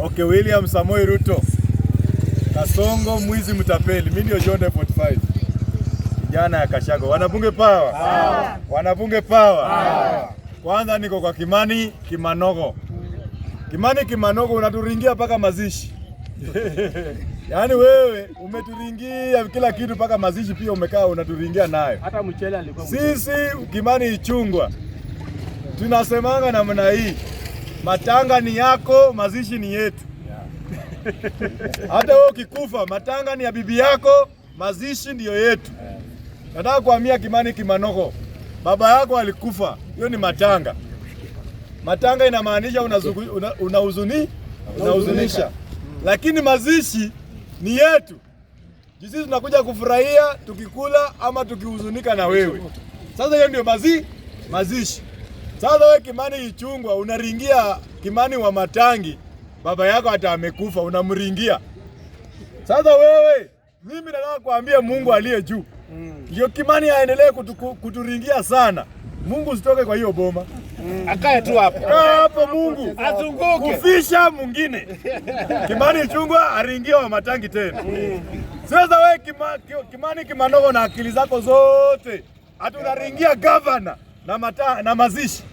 Okay, William Samoi Ruto, Kasongo mwizi mtapeli. Mimi ndio John 45 kijana ya Kashago. Wanabunge pawa, wanabunge pawa. Kwanza niko kwa Kimani Kimanogo. Kimani Kimanogo, unaturingia mpaka mazishi Yaani wewe umeturingia kila kitu mpaka mazishi pia umekaa unaturingia nayo. Hata mchele alikuwa. Sisi Kimani Ichungwa tunasemanga namna hii matanga ni yako, mazishi ni yetu. Hata wewe ukikufa, matanga ni ya bibi yako, mazishi ndiyo yetu. Nataka kuhamia Kimani Kimanoko, baba yako alikufa, hiyo ni matanga. Matanga inamaanisha unahuzuni, unahuzunisha, mm. lakini mazishi ni yetu. Sisi tunakuja kufurahia tukikula ama tukihuzunika na wewe. Sasa hiyo ndio mazi mazishi. Sasa wewe Kimani Ichungwa unaringia Kimani wa Matangi, baba yako hata amekufa unamringia. Sasa wewe, mimi nataka kuambia Mungu aliye juu mm. ndio Kimani aendelee kutu, kuturingia sana. Mungu usitoke kwa hiyo boma mm. Akae tu hapo hapo, Mungu azunguke kufisha mwingine Kimani Ichungwa aringia wa Matangi tena mm. Sasa wewe kima, Kimani Kimanogo na akili zako zote hatunaringia gavana na, mata, na mazishi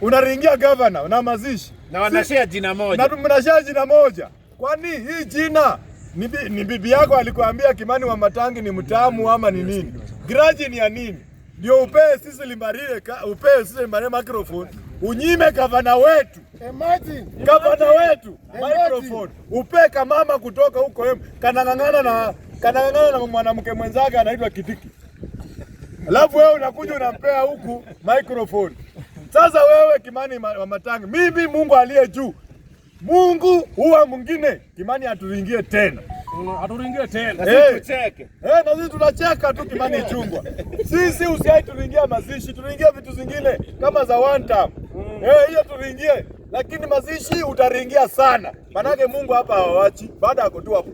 unaringia gavana na mazishi na wanashia jina moja, na mnashia jina moja. Kwani hii jina ni, ni bibi yako alikuambia Kimani wa Matangi ni mtamu ama ni nini? Graji ni ya nini? Ndio upee sisi Limbarie, upee sisi Limbarie microphone unyime gavana wetu gavana wetu microphone upee kamama kutoka huko hem kanang'ang'ana na kanang'ang'ana na mwanamke mwenzake anaitwa Kitiki, alafu wewe unakuja unampea huku microphone. Sasa wewe Kimani Matanga, mimi Mungu aliye juu, Mungu huwa mwingine. Kimani atuingie tena mm, atuingie tena hey. Eh, tucheke hey, eh, na sisi tunacheka tu Kimani chungwa sisi usiai tuingia mazishi, tuingia vitu zingine kama za one time mm. Hey, eh, hiyo tuingie, lakini mazishi utaringia sana, manake Mungu hapa hawawachi baada ya kutua.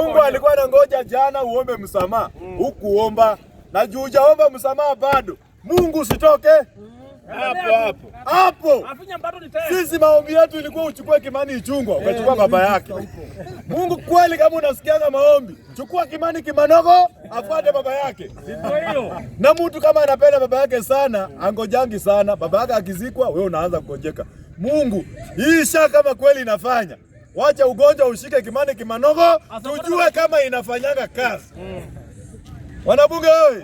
Mungu alikuwa anangoja jana uombe msamaha, mm. hukuomba mm. na juu hujaomba msamaha bado Mungu usitoke mm. Yaani hapo hapo hapo. Sisi maombi yetu ilikuwa uchukue Kimani Ichungwa, ukachukua eh, baba yake. Mungu kweli, kama unasikiaga maombi, chukua Kimani Kimanogo afuate baba yake. Na mtu kama anapenda baba yake sana, angojangi sana baba yake akizikwa, wewe unaanza kugonjeka. Mungu, hii shaa kama kweli inafanya wacha ugonjwa ushike Kimani Kimanogo, tujue kama inafanyaga kazi. Mm. Wanabunge wewe